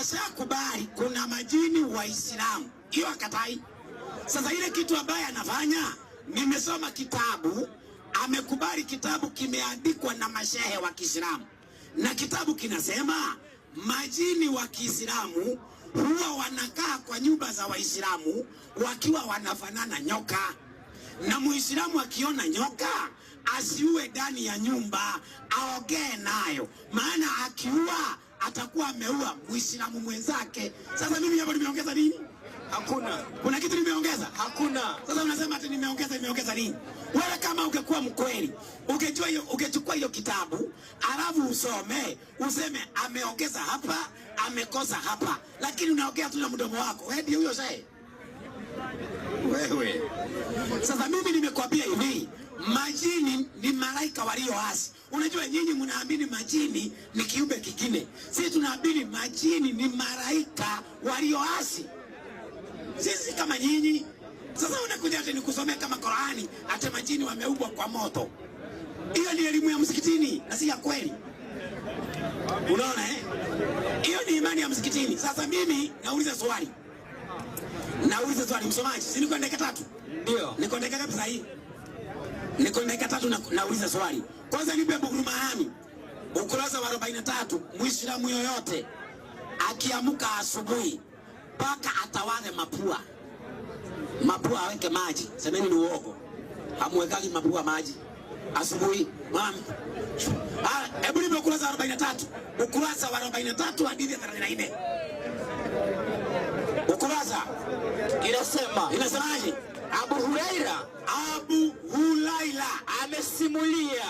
ashakubali kuna majini Waislamu, hiyo akatai. Sasa ile kitu ambaye anafanya, nimesoma kitabu, amekubali kitabu kimeandikwa na mashehe wa Kiislamu na kitabu kinasema majini wa Kiislamu huwa wanakaa kwa nyumba za Waislamu wakiwa wanafanana nyoka, na Muislamu akiona nyoka asiue ndani ya nyumba, aogee nayo, maana akiua atakuwa ameua Muislamu mwenzake. Sasa mimi hapo nimeongeza nini? Hakuna. Kuna kitu nimeongeza? Hakuna. Sasa unasema ati nimeongeza nimeongeza nini? Wewe kama ungekuwa mkweli, ungejua hiyo ungechukua hiyo kitabu, alafu usome, useme ameongeza hapa, amekosa hapa. Lakini unaongea tu na mdomo wako. Wewe ndio huyo sasa. Wewe. Sasa mimi nimekwambia hivi, majini ni malaika walioasi. Unajua nyinyi mnaamini majini ni kiumbe kingine, sisi tunaamini majini ni malaika walioasi, sisi kama nyinyi. Sasa unakuja ati nikusomea kama Qur'ani, ati majini wameubwa kwa moto. Hiyo ni elimu ya msikitini na si ya kweli. Unaona eh? Hiyo ni imani ya msikitini. Sasa mimi nauliza swali, nauliza swali msomaji, si niko dakika tatu? Ndio, niko dakika ngapi sasa hii? Niko dakika tatu na nauliza swali kwanza kitu ya Bukhari ukurasa wa 43, Muislamu yoyote akiamka asubuhi mpaka atawadhe mapua mapua aweke maji. Semeni ni uongo, hamwekagi mapua maji asubuhi mama. Ah, hebu nipe ukurasa wa 43, ukurasa wa 43 hadithi ya 34, ukurasa inasema inasemaje? Abu Huraira Abu amesimulia,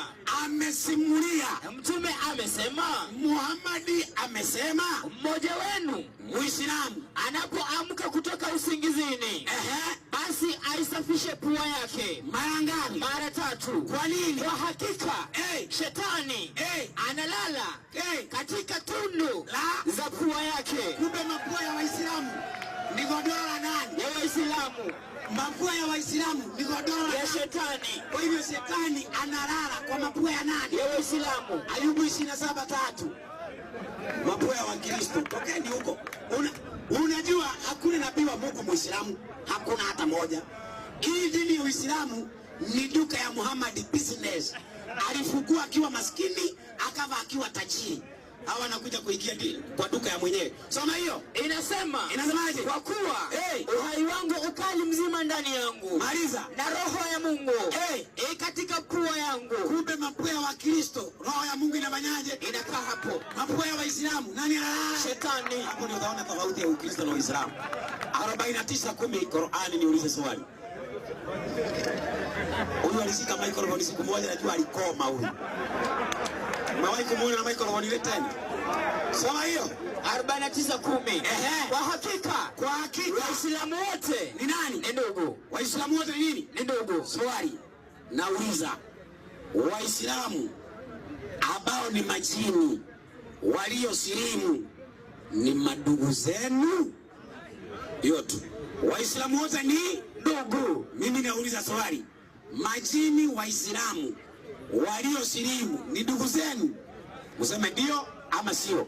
amesimulia Mtume amesema, Muhamadi amesema, mmoja wenu Muislamu anapoamka kutoka usingizini Ehe. basi aisafishe pua yake mara ngapi? Mara tatu. Kwa nini? Kwa hakika hey, shetani hey, analala hey, katika tundu la za pua yake. Kumbe mapua ya Waislamu ni na Waislamu, mapua ya Waislamu, godoro ya shetani. Kwa hivyo shetani analala kwa mapua ya nani? Ya Waislamu. Ayubu 27:3. Mapua ya Wakristo, tokeni huko. Una, unajua hakuna nabii wa Mungu Muislamu, hakuna hata moja. Hii dini ya Uislamu ni duka ya Muhammad business. Alifukua akiwa maskini, akava akiwa tajiri hawa wanakuja kuingia kwa duka ya mwenyewe. Soma hiyo. Inasema. Inasemaje? Kwa kuwa hey, uhai wangu ukali mzima ndani yangu. Maliza. Na roho ya Mungu hey, hey, katika pua yangu. Kumbe mapua wa Kristo, roho ya Mungu inafanyaje? Inakaa hapo. Mapua ya Waislamu nani analala? Shetani. Hapo ndio utaona tofauti ya Ukristo na Uislamu. 49:10 Qur'ani, niulize swali. Huyu alishika microphone siku moja, najua alikoma huyu. Mmewahi kumuona Michael Oniwetani? Sawa hiyo 4910. Ehe. Kwa hakika, kwa hakika Waislamu wote ni nani? Ni ndugu. Waislamu wote ni nini? Ni ndugu. Swali nauliza, Waislamu ambao ni majini walio waliosilimu ni madugu zenu? Hiyo tu. Waislamu wote ni ndugu. Mimi nauliza swali, majini Waislamu Waliosilimu ni ndugu zenu, mseme ndio ama sio?